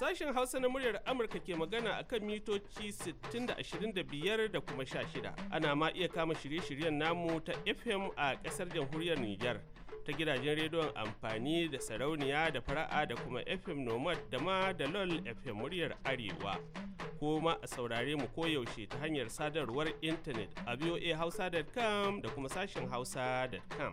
Sashen Hausa na muryar Amurka ke magana a kan mitoci 60-25 da kuma 16. Ana ma iya kama shirye-shiryen namu ta FM a ƙasar jamhuriyar Nijar ta gidajen rediyon amfani da sarauniya da fara'a da kuma fm nomad da ma da lol fm muryar arewa ko ma a saurare mu koyaushe ta hanyar sadarwar intanet a voahausa.com da kuma sashen hausa.com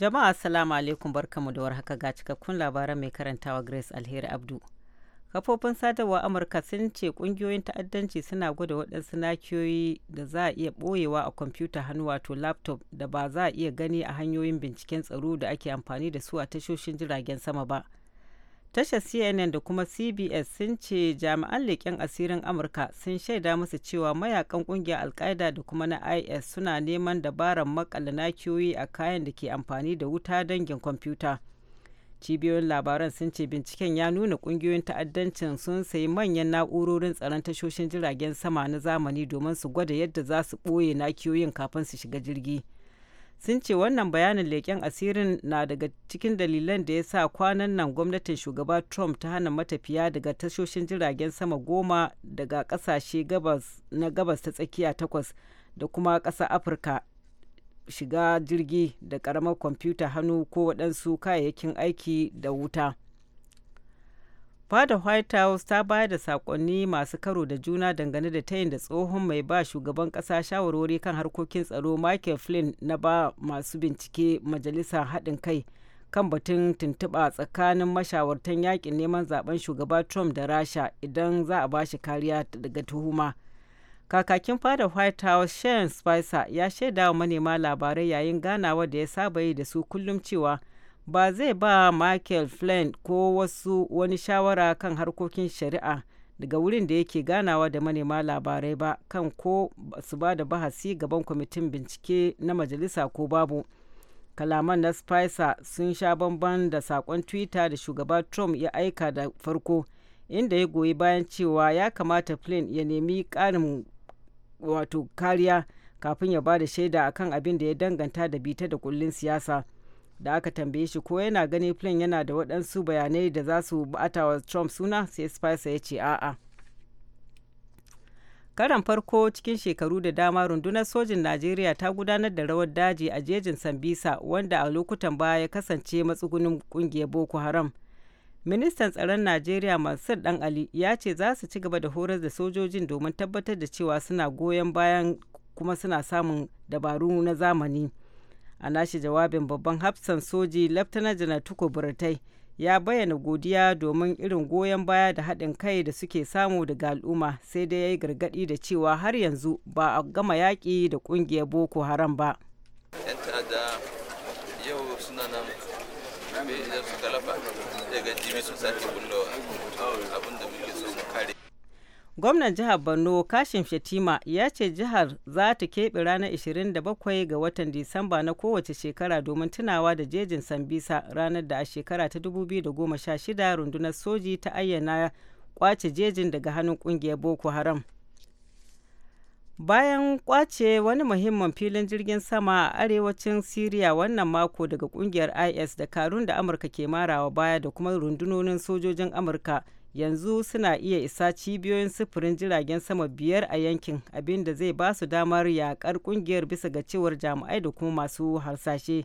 Jama'a assalamu alaikum barkamu da warhaka ga cikakkun labaran mai karantawa Grace Alheri Abdu. Kafofin sadarwa Amurka sun ce kungiyoyin ta'addanci suna gwada waɗansu nakiyoyi da za a iya ɓoyewa a kwamfuta hannu wato laptop da ba za a iya gani a hanyoyin binciken tsaro da ake amfani da su a tashoshin jiragen sama ba. tashar cnn da kuma cbs sun ce jami'an leƙen asirin amurka sun shaida musu cewa mayakan ƙungiyar alkaida da kuma na is suna neman dabarar makalla nakiyoyi a kayan da ke amfani da wuta dangin kwamfuta cibiyoyin labaran sun ce binciken ya nuna ƙungiyoyin ta'addancin sun sayi manyan na'urorin tsaron tashoshin jiragen sama na zamani domin su gwada yadda za su ɓoye nakiyoyin kafin su shiga jirgi. sun ce wannan bayanin leƙen asirin na daga cikin dalilan da ya sa kwanan nan gwamnatin shugaba trump ta hana matafiya daga tashoshin jiragen sama goma daga ƙasashe na gabas ta tsakiya takwas da kuma ƙasa afirka shiga jirgi da ƙaramar kwamfuta hannu ko waɗansu kayayyakin aiki da wuta fada white house ta bayar da sakonni masu karo da juna dangane da tayin da tsohon mai ba shugaban kasa shawarwari kan harkokin tsaro michael flynn na ba masu bincike majalisa haɗin kai kan batun tuntuɓa tsakanin mashawartan yakin neman zaben shugaba trump da rasha idan za a shi kariya daga tuhuma kakakin fada white house shane spicer ya shaidawa manema labarai yayin ganawa da ya saba yi da su kullum cewa ba zai ba michael flynn ko wasu wani shawara kan harkokin shari'a daga wurin da yake ganawa da manema labarai ba kan ko su ba da bahasi gaban kwamitin bincike na majalisa ko babu kalaman na spicer sun sha bamban da sakon twitter da shugaba trump ya aika da farko inda ya goyi bayan cewa ya kamata flynn ya nemi karin wato kariya kafin ya ba da shaida akan abin da ya danganta da bita da kullin siyasa da aka tambaye shi ko yana gani flynn yana da waɗansu bayanai da za su bata wa trump suna sai spicer ya ce a'a karan farko cikin shekaru da dama rundunar sojin najeriya ta gudanar da rawar daji a jejin sambisa wanda a lokutan baya ya kasance matsugunin kungiyar boko haram ministan tsaron najeriya mansur dan ali ya ce za su ci gaba da horar da sojojin domin tabbatar da cewa suna goyon bayan kuma suna samun dabaru na zamani. a nashi jawabin babban hafsan soji laftana janar tuko buratai ya bayyana godiya domin irin goyon baya da haɗin kai da suke samu daga al'umma sai dai ya yi gargaɗi da cewa har yanzu ba a gama yaƙi da ƙungiyar boko haram ba 'yan ta'adda yau daga sun sake bullowa abinda muke so kare Gwamnan jihar Borno Kashim shatima ya ce jihar za ta keɓe ranar 27 ga watan Disamba na kowace shekara domin tunawa da jejin Sambisa ranar da a shekara ta 2016 rundunar soji ta ayyana kwace jejin daga hannun kungiyar Boko Haram. Bayan kwace wani muhimman filin jirgin sama a arewacin Siriya wannan mako daga kungiyar IS da karun da Amurka ke marawa baya da kuma rundunonin sojojin Amurka. yanzu suna iya isa cibiyoyin sufurin jiragen sama biyar a yankin abinda zai ba su damar yakar kungiyar bisa ga cewar jami'ai da kuma masu harsashe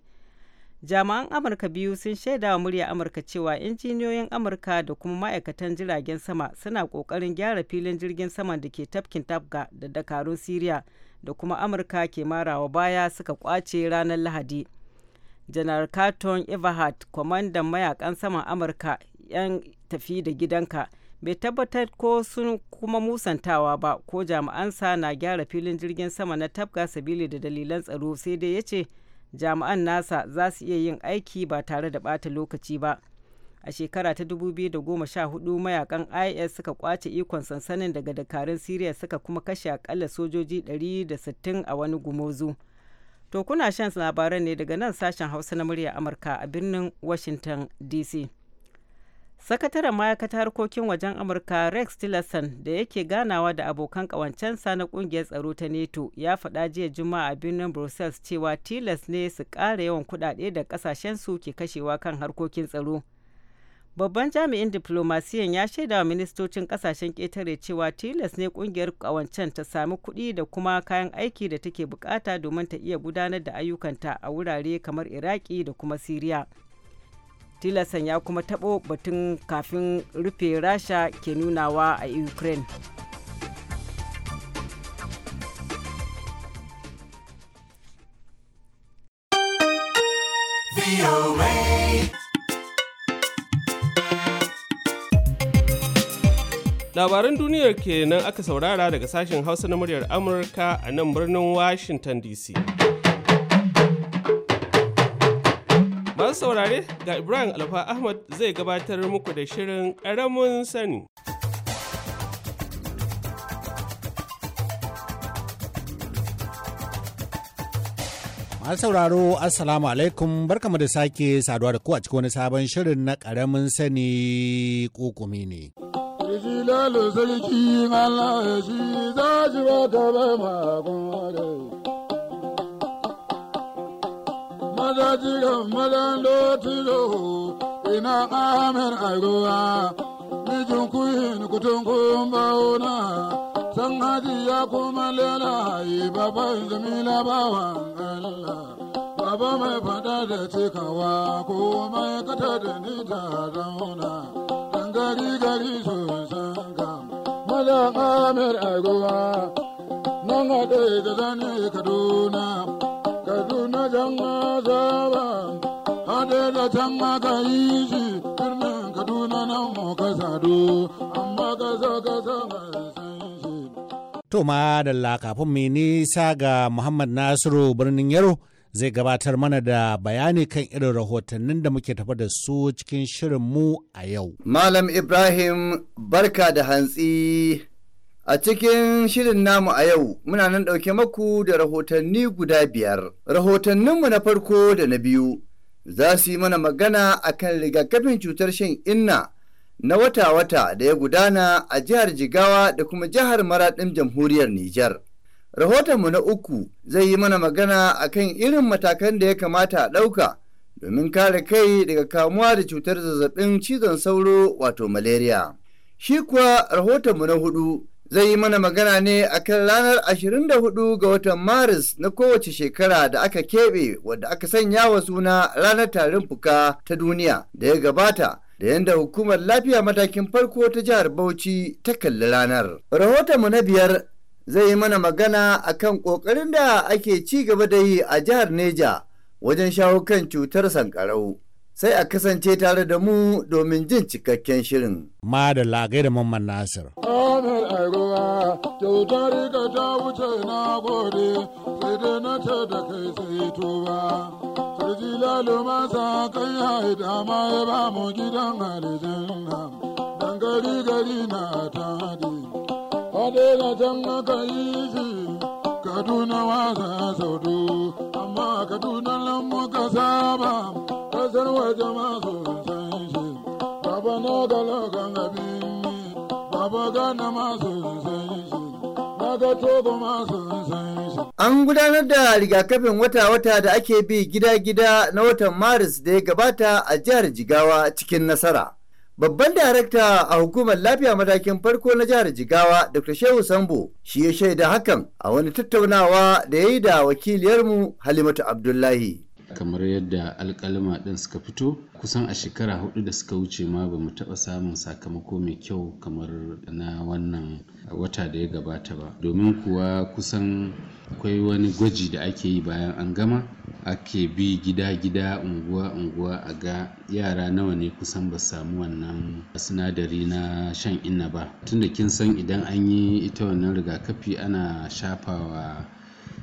jami'an amurka biyu sun shaida wa murya amurka cewa injiniyoyin amurka da kuma ma'aikatan jiragen sama suna kokarin gyara filin jirgin sama da ke tafkin tafga da dakarun syria da kuma amurka ke marawa baya suka kwace ranar lahadi janar carton everhart kwamandan mayakan saman amurka 'yan tafi da gidanka bai tabbatar ko sun kuma musantawa ba ko jami'ansa na gyara filin jirgin sama na tabga sabili da dalilan tsaro sai dai ya ce jami'an nasa za su iya yin aiki ba tare da bata lokaci ba a shekara ta 2014 mayakan is suka kwace ikon sansanin daga dakarun syria suka kuma kashe akalla sojoji 160 a wani gumozu to kuna shan labaran ne daga nan sashen hausa na murya amurka a birnin washington dc sakataren ma'aikatar harkokin wajen amurka rex tillerson da yake ganawa da abokan kawancensa na kungiyar tsaro ta neto ya faɗa jiya juma'a a birnin brussels cewa tilas ne su ƙara yawan kuɗaɗe da su ke kashewa kan harkokin tsaro babban jami'in diplomasiyan ya shaida wa ministocin ƙasashen ƙetare cewa tilas ne kungiyar kawancen ta sami kuɗi da kuma kayan aiki da take bukata domin ta iya gudanar da ayyukanta a wurare kamar iraki da kuma siriya tilasan ya kuma taɓo batun kafin rufe rasha ke nunawa a ukraine labaran duniyar kenan aka saurara daga sashen hausa na muryar amurka a nan birnin washington dc Masu saurare ga Ibrahim Alfa Ahmad zai gabatar muku da shirin ƙaramin sani. Masu sauraro Assalamu alaikum barkamu da sake saduwa da ku a cikin wani sabon shirin na ƙaramin sani kokumi ne. Ijilalu sarki Allah shi za shi ba ta bai da jiran mazan lotilo ina amin airuwa mijin kuyin kutun kun bauna san haji ya kuma lelaye baban jamila bawan Allah baba mai fada da cikawa ko mai kata da ni ta zauna dan gari gari sun san kam maza amir airuwa nan haɗe da zane kaduna kaduna da Laka adela kaduna nan mu ka mai ma mai nisa ga Muhammad Nasiru birnin Yaro zai gabatar mana da bayani kan irin rahotannin da muke tafa da su cikin shirinmu a yau. Malam Ibrahim barka da hantsi A cikin shirin namu a yau muna nan ɗauke maku da rahotanni guda biyar. Rahotanninmu na farko da na biyu za su yi mana magana a kan rigakafin cutar shan inna na wata-wata da ya gudana a jihar Jigawa da kuma jihar Maraɗin Jamhuriyar Nijar. Rahotonmu na uku zai yi mana magana a kan irin matakan da ya kamata a ɗauka domin kare kai daga kamuwa da cutar zazzabin cizon sauro wato malaria. Shi kuwa rahotonmu na hudu zai yi mana magana ne a kan ranar 24 ga watan maris na kowace shekara da aka keɓe wadda aka sanya wa suna ranar tarin fuka ta duniya da ya gabata da yadda hukumar lafiya matakin farko ta jihar bauchi ta kalli ranar rahotonmu na biyar zai yi mana magana a kan ƙoƙarin da ake ci gaba da yi a jihar neja wajen shawo kan cutar sankarau sai a kasance tare da mu domin jin cikakken shirin. Ma da lagai da Mamman Nasir. Amir kyauta rika ta wuce na gode, sai dai na ce da kai sai tuba. Sarki lalo masa kai haida ma ya ba mu gidan halittar dan gari gari na ta hadi. Hade na can aka yi shi, Kaduna wasa saudu, amma Kaduna nan ka saba. An gudanar da rigakafin wata-wata da ake bi gida-gida na watan Maris da ya gabata a jihar Jigawa cikin nasara. Babban darakta a hukumar lafiya matakin farko na jihar Jigawa, Dr. Shehu Sambo, shi ya shaida hakan a wani tattaunawa da ya yi da wakiliyarmu Halimatu Abdullahi. kamar yadda alkalima ɗin suka fito kusan a shekara hudu da suka wuce ma ba mu taɓa samun sakamako mai kyau kamar na wannan wata da ya gabata ba domin kuwa kusan akwai wani gwaji da ake yi bayan an gama ake bi gida-gida unguwa-unguwa a ga yara nawa ne kusan ba samu wannan sinadari na shan inna ba tunda kin san idan an yi ita wannan rigakafi ana shafawa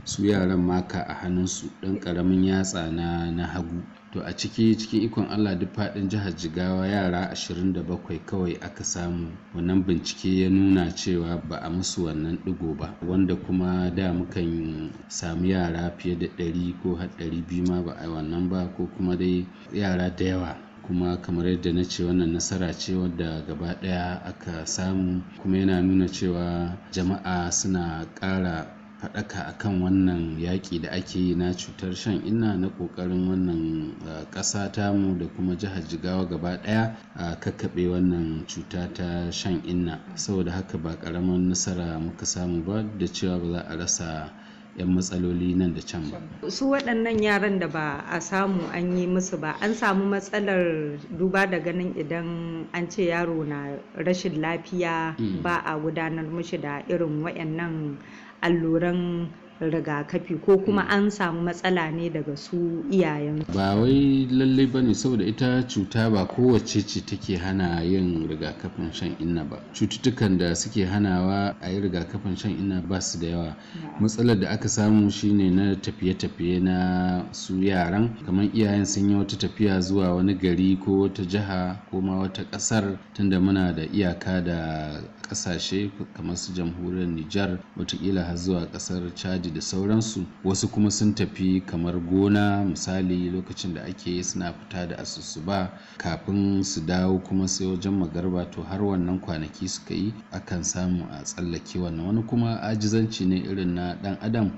su yaran maka a hannunsu ɗan ƙaramin yatsa na na hagu to a ciki cikin ikon allah duk faɗin jihar jigawa yara 27 kawai aka samu wannan bincike ya nuna cewa ba a musu wannan ɗigo ba wanda kuma da mukan samu yara fiye da 100 ko har 200 ma ba a wannan ba ko kuma dai yara da yawa kuma kamar yadda na ce wannan nasara ce wadda gaba ɗaya aka samu kuma yana nuna cewa jama'a suna ƙara faɗaka kan wannan yaƙi da ake yi na cutar shan inna na ƙoƙarin wannan ƙasa mu da kuma jihar jigawa gaba ɗaya a kakkaɓe wannan cuta ta shan inna saboda haka ba ƙaramin nasara muka samu ba da cewa ba za a rasa 'yan matsaloli nan da can ba. su waɗannan yaran da ba a samu an yi musu ba an samu matsalar duba da ganin idan an ce yaro na rashin lafiya mm. ba a gudanar mushi da irin waɗannan alluran rigakafi ko kuma an samu matsala ne daga su iyayen ba wai lallai ne saboda ita cuta ba kowace ce take hana yin rigakafin shan inna ba cututtukan da suke hanawa a yi rigakafin shan inna ba su da yawa matsalar da aka samu shine na tafiye-tafiye na su yaran kamar iyayen sun yi wata tafiya zuwa wani gari ko wata jiha ko ma wata kasar tunda muna da iyaka da ƙasashe kamar su jamhuriyar Nijar watakila har zuwa kasar Chad daji da sauransu wasu kuma sun tafi kamar gona misali lokacin da ake suna fita da asusu ba kafin su dawo kuma sai wajen magarba to har wannan kwanaki suka yi akan samu a tsallake wannan wani kuma ajizanci ne irin na dan adam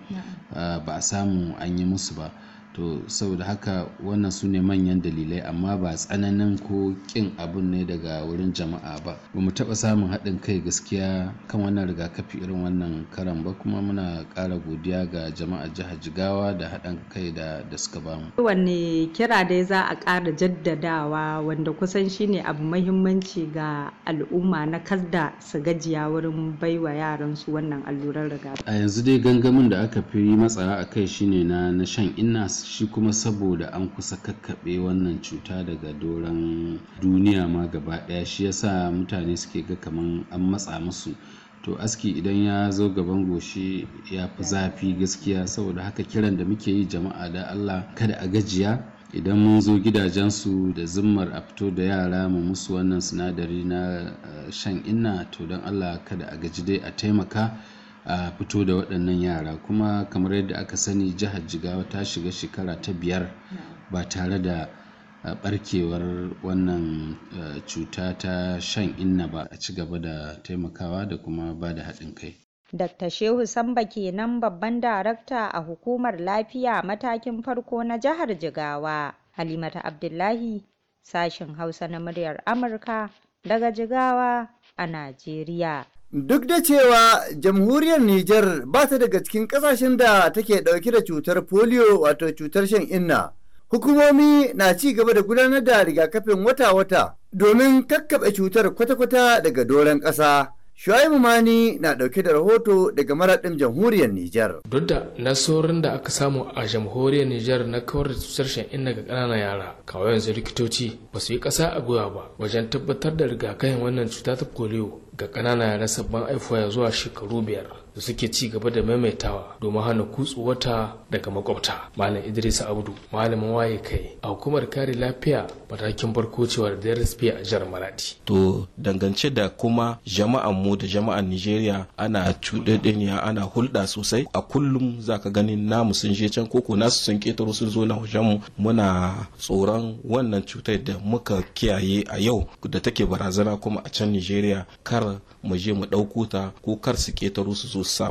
ah, ba a samu an yi musu ba to saboda haka wannan su ne manyan dalilai amma ba tsananin ko ƙin abun ne daga wurin jama'a ba ba mu taɓa samun haɗin kai gaskiya kan wannan rigakafi irin wannan karan ba kuma muna ƙara godiya ga jama'a jihar jigawa da haɗin kai da da suka bamu wanne kira dai za a ƙara jaddadawa wanda kusan shine abu mahimmanci ga al'umma na kasda su gajiya wurin baiwa yaran su wannan allurar rigakafi a yanzu dai gangamin da aka fi matsara a kai shine na na shan inna shi kuma saboda an kusa kakkaɓe wannan cuta daga doron duniya ma gaba ɗaya shi yasa mutane suke ga kaman an matsa musu to aski idan ya zo gaban goshi ya fi zafi gaskiya saboda haka kiran da muke yi jama'a da allah kada a gajiya idan mun zo gidajensu da zimmar a fito da yara mu musu wannan sinadari na eh, shan inna to don allah kada a gaji dai a taimaka a fito da waɗannan yara kuma kamar yadda aka sani jihar jigawa ta shiga shekara ta biyar ba tare da barkewar wannan cuta ta shan inna ba a ci gaba da taimakawa da kuma ba da haɗin kai Dr. Shehu Samba kenan babban darakta a hukumar lafiya matakin farko na jihar Jigawa. Halimata Abdullahi, sashen Hausa na muryar Amurka daga Jigawa a Najeriya. Duk da cewa jamhuriyar Nijar ba ta daga cikin kasashen da take ɗauke da cutar polio wato cutar shan inna, hukumomi na ci gaba da gudanar da rigakafin wata-wata domin kakkaɓe cutar kwata-kwata daga doron ƙasa. Shuaibu Mani na ɗauke da rahoto daga maraɗin jamhuriyar Nijar. Duk da nasorin da aka samu a jamhuriyar Nijar na kawar da cutar shan inna ga ƙananan yara, kawai yanzu likitoci ba su yi ƙasa a gwiwa ba wajen tabbatar da rigakafin wannan cuta ta polio ga ƙananan yara sabbin haifuwa zuwa shekaru biyar da suke ci gaba da maimaitawa domin hana wata daga makwabta malam idris abdu malamin waye kai a hukumar kare lafiya matakin farko cewa da rsp a jihar maradi to dangance da kuma jama'an mu da jama'an nigeria ana cuɗaɗɗeniya ana hulɗa sosai a kullum za ka gani namu sun je can koko nasu sun ƙetaro sun zo na mu muna tsoron wannan cutar da muka kiyaye a yau da take barazana kuma a can nigeria kar mu je mu ɗauko ta ko kar su ƙetaro su zo su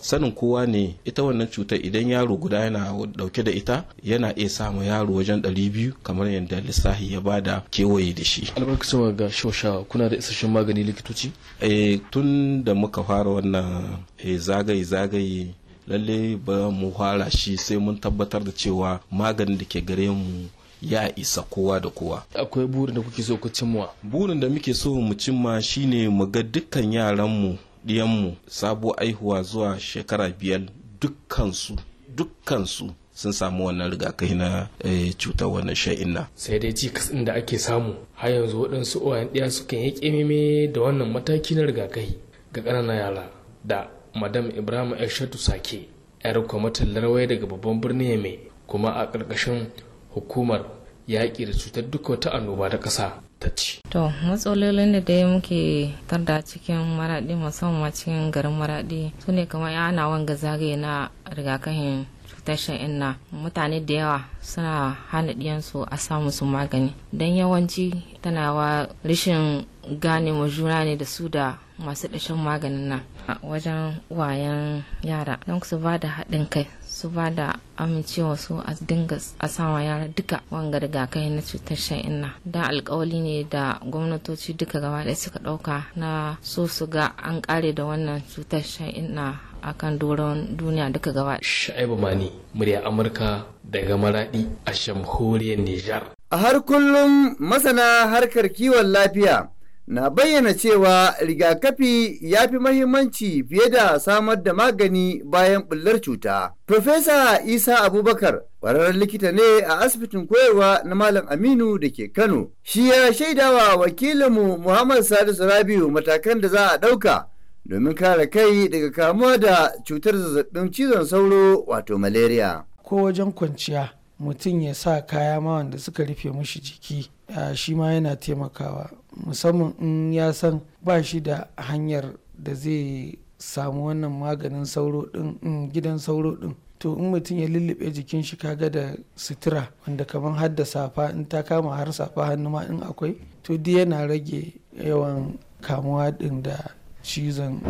sanin kowa ne ita wannan cutar idan yaro guda yana dauke da ita yana iya samu yaro wajen 200 kamar yadda lissahi ya ba da kewaye da shi albarkacin ga shosha kuna da isasshen magani likitoci eh tun da muka fara wannan eh, zagaye zagaye lalle ba mu fara shi sai mun tabbatar da cewa maganin da ke gare mu ya isa kowa da kowa. Akwai burin da kuke so ku cimma? Burin da muke so mu cimma shine mu ga dukkan yaranmu ɗiyanmu sabo aihuwa zuwa shekara biyar dukkansu dukkansu sun samu wannan rigakafi na eh, cutar wannan sha'inna. sai dai cikas da ake samu har yanzu waɗansu oyan ɗaya sukan yi ƙememe da wannan mataki na rigakafi ga ƙananan yara da madam ibrahim ashatu sake yar kwamitin larwai daga babban birnin mai kuma a ƙarƙashin hukumar yaƙi da cutar duka wata annoba ta ƙasa ta ci. To matsalolin da dai muke tarda cikin maraɗi musamman cikin garin maraɗi su ne kamar ana wanga zagaye na rigakafin cutar inna mutane da yawa suna hana ɗiyansu a samu su magani don yawanci tana wa rashin gane ma juna ne da su da masu dashen maganin nan wajen wayan yara don su ba da haɗin kai su ba da amincewa su a dinga a sawa yara duka wanga rigakai na cutar sha'inna da alkawali ne da gwamnatoci duka gaba ɗaya suka ɗauka na so su ga an ƙare da wannan cutar sha'inna a kan doron duniya duka gaba sha'ibu mani murya amurka daga maraɗi a shamhuriyar nijar a har kullum masana harkar kiwon lafiya na bayyana cewa rigakafi ya fi mahimmanci fiye da samar da magani bayan bullar cuta. Profesa Isa Abubakar ƙwararren likita ne a asibitin koyarwa na Malam Aminu da ke Kano. Shi ya shaidawa wakilinmu Muhammad Salisu Rabiu matakan da za a ɗauka domin kare kai daga kamuwa da cutar zazzabin cizon sauro wato malaria. Ko wajen kwanciya mutum ya sa kaya ma wanda suka rufe mushi jiki. shi ma yana taimakawa musamman in ya san ba shi da hanyar da zai samu wannan maganin sauro din mm, gidan sauro din to in mutum ya lullube jikin shi kaga da sutura wanda kamar har da safa in ta kama har safa hannu ma in akwai to duk yana rage yawan kamuwa din da cizon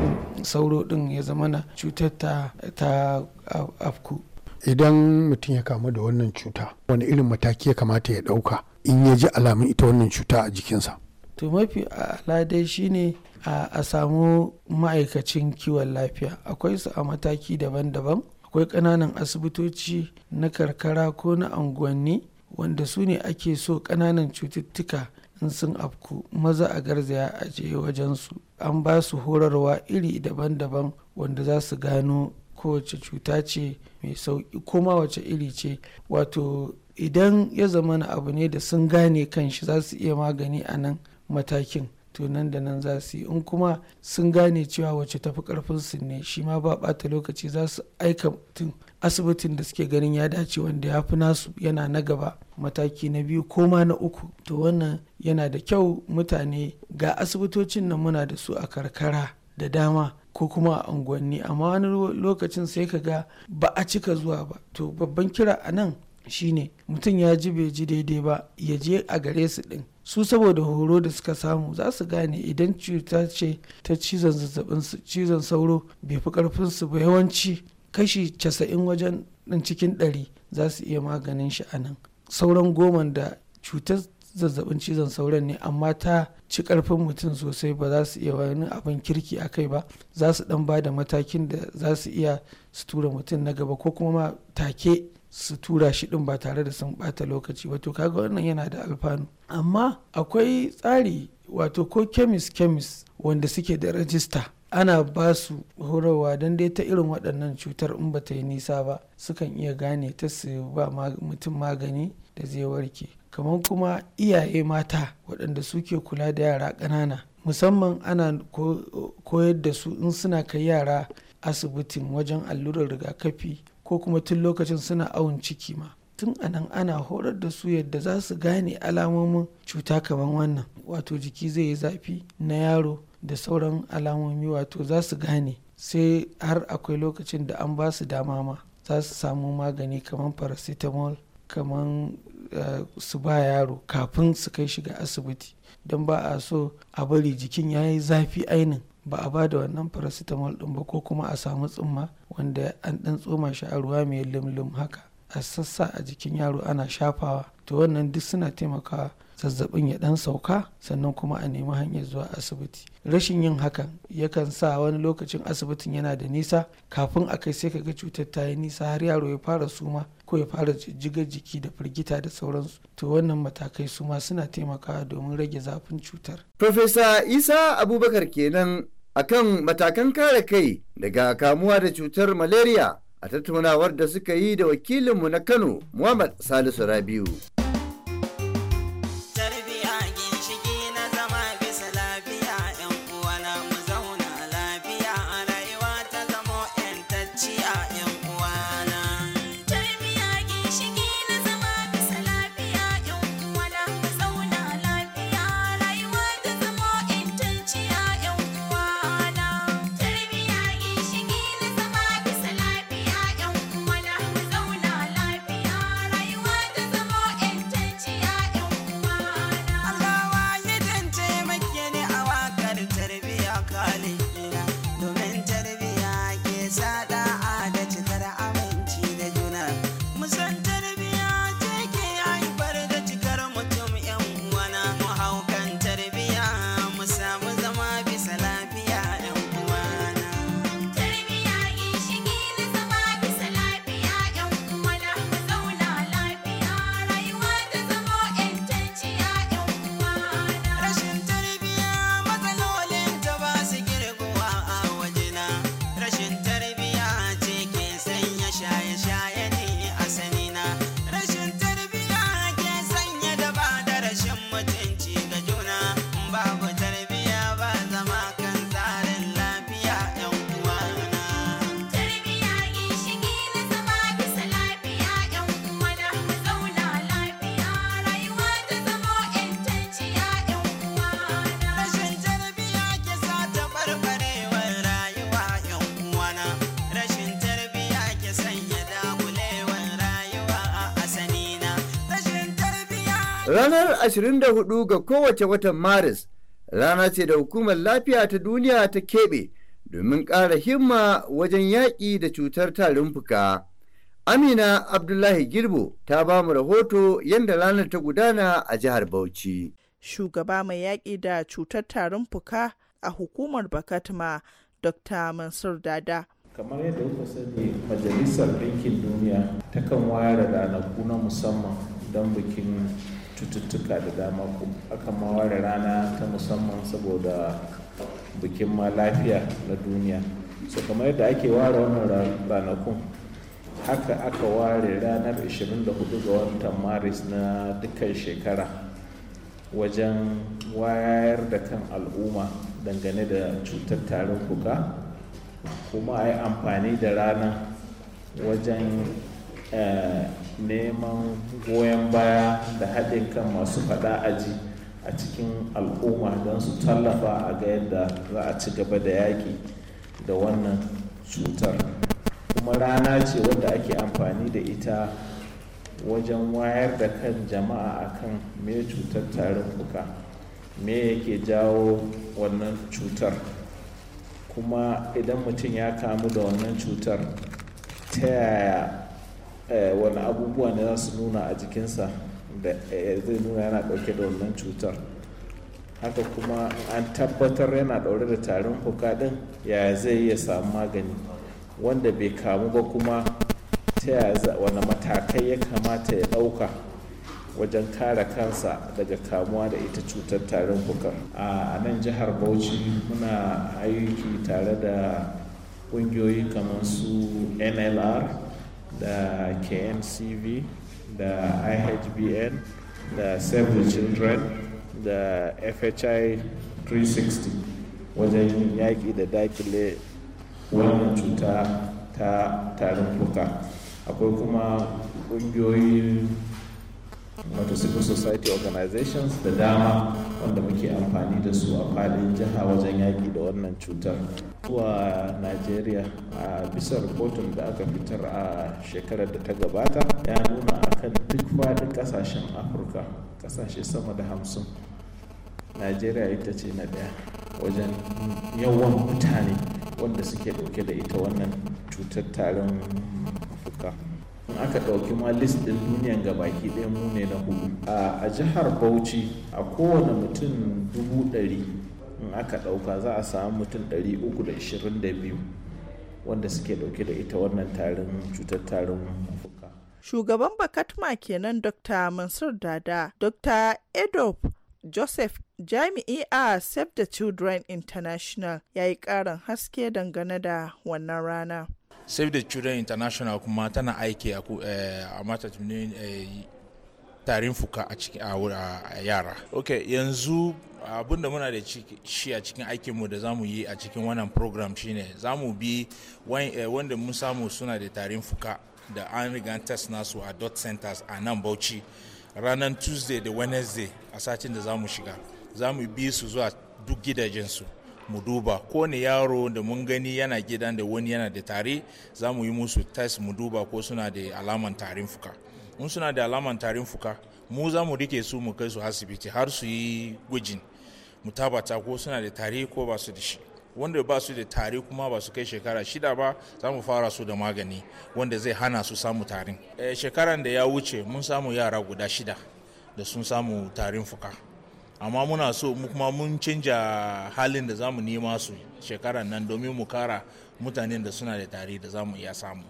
sauro din ya zama na cutar ta afku idan mutum ya kamu da wannan cuta wani irin mataki ya kamata ya dauka in ya ji alamun ita wannan cuta a jikinsa to mafi ala shi ne a samu ma'aikacin kiwon lafiya akwai su a mataki daban-daban akwai ƙananan asibitoci na karkara ko na unguwanni wanda su ne ake so ƙananan cututtuka in sun afku maza a garzaya a je wajensu an ba su horarwa iri daban-daban wanda za su gano kowace cuta ce mai sauƙi koma wace iri ce wato idan ya zama na abu ne da sun gane kan shi za su iya magani a nan matakin to nan da nan za su yi in kuma sun gane cewa wacce tafi karfin su ne shi ma ba bata lokaci za su aika mutum asibitin da suke ganin ya dace wanda ya fi nasu yana na gaba mataki na biyu ko ma na uku to wannan yana da kyau mutane ga asibitocin nan muna da su a karkara da dama ko kuma a unguwanni amma wani lokacin sai ka ga ba a cika zuwa ba to babban kira a nan shine mutum ya ji bai ji daidai ba ya je a gare su din su saboda horo da suka samu za su gane idan cuta ce ta cizon zazzabin cizon sauro bai fi karfin su ba yawanci kashi casa'in wajen din cikin ɗari za su iya maganin shi a nan sauran goman da cutar zazzabin cizon sauran ne amma ta ci karfin mutum sosai ba za su iya wani abin kirki a kai ba za su dan ba da matakin da za su iya su tura mutum na gaba ko kuma take su tura shi din ba tare da sun bata lokaci ba to kaga wannan yana da alfanu amma akwai tsari wato ko kemis kemis wanda suke da rajista ana ba su horarwa don dai ta irin waɗannan cutar in ba ta yi nisa ba sukan iya gane ta su ba mutum magani da zai warke kamar kuma iyaye mata waɗanda suke kula da yara ƙanana musamman ana koyar da su in suna kai yara asibitin wajen allurar rigakafi ko kuma tun lokacin suna awon ciki ma tun anan ana horar da su yadda za su gane alamomin cuta kamar wannan wato jiki zai yi zafi na yaro da sauran alamomi wato za su gane sai har akwai lokacin da an ba su dama ma za su samu magani kamar paracetamol kamar eh, su ba yaro kafin su kai shiga asibiti don ba a so a bari jikin ya yi zafi ainin ba a ba da wannan paracetamol ɗin ba ko kuma a samu tsumma wanda an ɗan tsoma shi a ruwa mai limlim haka a sassa a jikin yaro ana shafawa to wannan duk suna taimakawa zazzabin ya ɗan sauka sannan kuma a nemi hanyar zuwa asibiti rashin yin hakan yakan sa wani lokacin asibitin yana da nisa kafin a kai sai kaga cutar ta yi nisa har yaro ya fara suma ko ya fara jijjigar jiki da firgita da sauransu to wannan matakai su ma suna taimakawa domin rage zafin cutar. Profesa Isa Abubakar kenan akan matakan kare kai daga kamuwa da cutar malaria a tattaunawar da suka yi da wakilinmu na Kano Muhammad Salisu Rabiu. Ranar 24 ga kowace watan Maris rana ce da hukumar lafiya ta duniya ta keɓe domin ƙara himma wajen yaƙi da cutar tarin fuka. Amina Abdullahi Girbo ta ba mu rahoto yadda ranar ta gudana a jihar Bauchi. Shugaba mai yaƙi da cutar tarin fuka a hukumar Bakatma, Dr. Mansur Dada. kamar yadda kuka sani majalisar ɗinkin duniya takan wayar da ranaku na musamman don bikin cututtuka da dama ma ware rana ta musamman saboda bikin ma lafiya na duniya so kamar yadda ake ware wannan ranakun haka aka ware ranar 24 ga watan maris na dukkan shekara wajen wayar da kan al'umma dangane da cutar tarin kuka kuma a yi amfani da rana wajen eh, neman goyon baya da haɗin kan masu faɗa aji a cikin al'umma don su tallafa a ga yadda za a ci gaba da yaƙi da wannan cutar kuma rana ce wadda ake amfani da ita wajen wayar da kan jama'a akan me cutar tarin fuka me yake jawo wannan cutar kuma idan mutum ya kamu da wannan cutar ta yaya Eh, wani abubuwa ne za su nuna a jikinsa da eh, zai nuna yana ɗauke da wannan cutar haka kuma an tabbatar yana ɗaure da tarin fuka ɗin yaya zai iya samu magani wanda bai kamu ba kuma ta yaya wani matakai ya kamata ya ɗauka wajen kare kansa daga kamuwa da ita cutar tarin kuka? a nan jihar bauchi muna aiki tare da ƙungiyoyi kamar su nlr the KNCV, the IHBN, the Save the Children, the FHI 360 wajen yin the da dakile wannan cuta ta tarin fuka akwai kuma ƙungiyoyin wato civil society organizations the dama wanda muke amfani da su a faɗin jiha wajen yaƙi da wannan cutar zuwa najeriya a bisa rahoton da aka fitar a shekarar da ta gabata ya nuna akan duk faɗin ƙasashen afirka ƙasashe sama da hamsin najeriya ita ce na ɗaya wajen yawan mutane wanda suke ɗauke da ita wannan cutar tarin afirka in aka ɗauki ma list ɗin duniyan baki ɗaya mu ne na hudu a jihar bauchi a kowane mutum dubu ɗari in aka ɗauka za a samu mutum ɗari uku da ishirin da biyu wanda suke ɗauke da ita wannan tarin cutar tarin fuka shugaban bakatma kenan dr mansur dada dr edo joseph jami'i a save the children international ya yi ƙarin haske dangane da wannan rana save the children international kuma tana aiki a eh, matattun eh, tarin fuka a cikin yara ok yanzu abin muna da shi a cikin aikinmu da zamu yi a cikin wannan program shine mu bi eh, wanda mun samu suna da tarin fuka da an riga test nasu a dot centers a nan bauchi ranar tuesday da wednesday a satin da zamu shiga za mu bi su zuwa duk gidajensu mu duba ko ne yaro da mun gani yana gidan da wani yana da tare za mu yi musu test mu duba ko suna da alaman tarin fuka in suna da alaman tarin fuka mu za mu rike su mu kai su asibiti har su yi gwajin mu tabata ko suna da tare ko ba su da shi wanda ba su da tare kuma ba su kai shekara shida ba za mu fara su da magani wanda zai hana su samu tarin eh, shekaran da ya wuce mun samu yara guda shida da sun samu tarin fuka amma muna so mu kuma mun canja halin da zamu nema su shekaran nan domin mu kara mutanen da suna da tare da zamu iya samu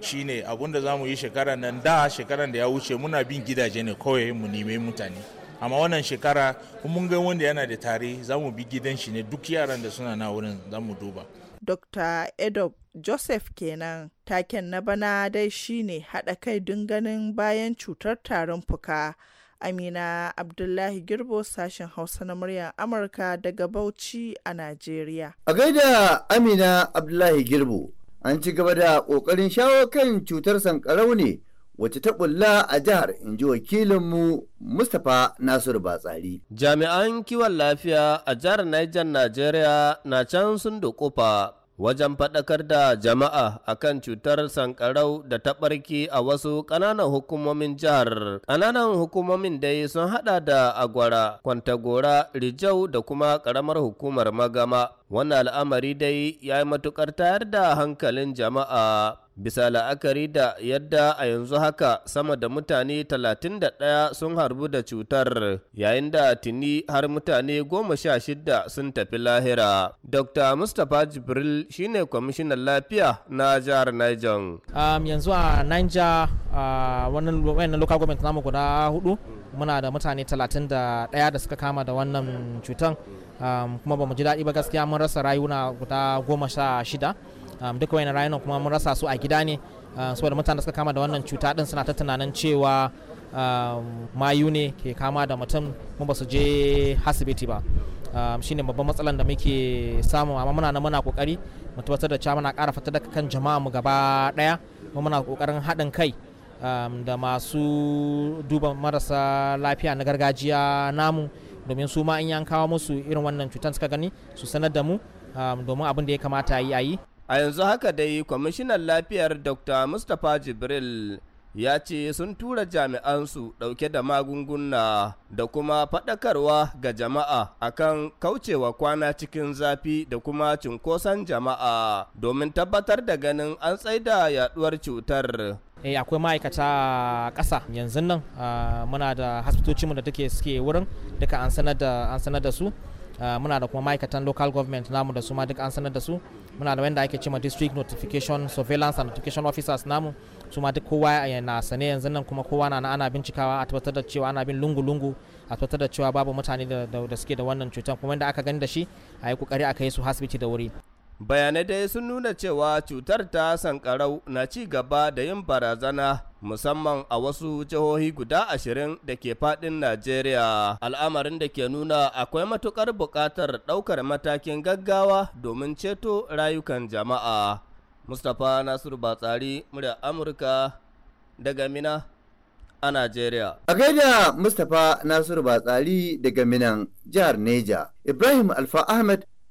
shine abun da zamu yi shekaran nan da shekaran da ya wuce muna bin gidaje ne kawai mu neme mutane amma wannan shekara mun ga wanda yana da tare zamu bi gidan shi ne duk yaran da suna na wurin zamu duba dr edob joseph kenan taken na bana dai shine haɗa kai ganin bayan cutar tarin fuka Amina Abdullahi Girbo sashen Hausa na muryar Amurka daga Bauchi a Najeriya. A gaida Amina Abdullahi Girbo, an ci gaba da ƙoƙarin shawo kan cutar sankarau ne wacce ta bulla a jihar inji wakilinmu Mustapha Nasiru Batsari. Jami'an kiwon lafiya a jihar Niger Najeriya na can sun da kofa wajen faɗakar da jama'a akan cutar sankarau da ta ɓarki a wasu ƙananan hukumomin jihar. Ƙananan hukumomin dai sun haɗa da Agwara, Kwantagora, Rijau da kuma ƙaramar hukumar Magama. Wannan al'amari dai ya yi matuƙar tayar da hankalin jama'a. bisa la'akari da yadda a yanzu haka sama da mutane 31 sun harbu da cutar yayin da tuni har mutane 16 sun tafi lahira dr mustapha jibril shine kwamishinan lafiya na jihar niger yanzu a niger uh, wannan local government namu guda hudu muna da mutane 31 da suka kama da wannan cutan um, kuma ba mu ji daɗi ba gaskiya mun rasa rayuna guda goma sha shida Um, duk wayan rayunan kuma mun rasa su a gida ne uh, saboda mutane suka kama da wannan cuta din suna ta tunanin cewa um, mayu ne ke kama da mutum mun ba su je asibiti ba um, shine babban matsalan da muke samu amma muna nan muna kokari mu tabbatar da cewa muna ƙara fata da kan jama'a mu gaba daya kuma muna kokarin haɗin kai da masu duba marasa lafiya na gargajiya namu domin su ma in yan kawo musu irin wannan cutar suka gani su sanar da mu domin abin da ya kamata a yi ayi. a yanzu haka dai kwamishinan lafiyar dr mustapha jibril ya ce sun tura jami'ansu ɗauke da magunguna da kuma faɗakarwa ga jama'a akan kaucewa kwana cikin zafi da kuma cinkoson jama'a domin tabbatar da ganin an tsaida yaduwar cutar eh akwai ma'aikata ƙasa yanzu nan ah, muna da asibitocinmu da take suke wurin duka an sanar da su Uh, muna da kuma ma'aikatan local government namu da su ma duk an sanar da su muna da wanda ake cewa district notification surveillance and notification officers namu su ma duk kowa na sane yanzu nan kuma kowa na ana bincikawa a tabbatar da cewa ana bin lungu-lungu a tabbatar da cewa babu mutane da suke da wannan cutar kuma wanda aka gani da shi a yi kokari a kai su hasibiti da wuri bayanai dai sun nuna cewa cutar ta sankarau na ci gaba da yin barazana musamman a wasu jihohi guda ashirin da ke fadin najeriya al'amarin da ke nuna akwai matukar buƙatar ɗaukar matakin gaggawa domin ceto rayukan jama'a mustapha nasiru batsari murya amurka daga mina a Najeriya. A gaida Mustapha Nasir Batsari daga Minan jihar Neja, Ibrahim Alfa Ahmed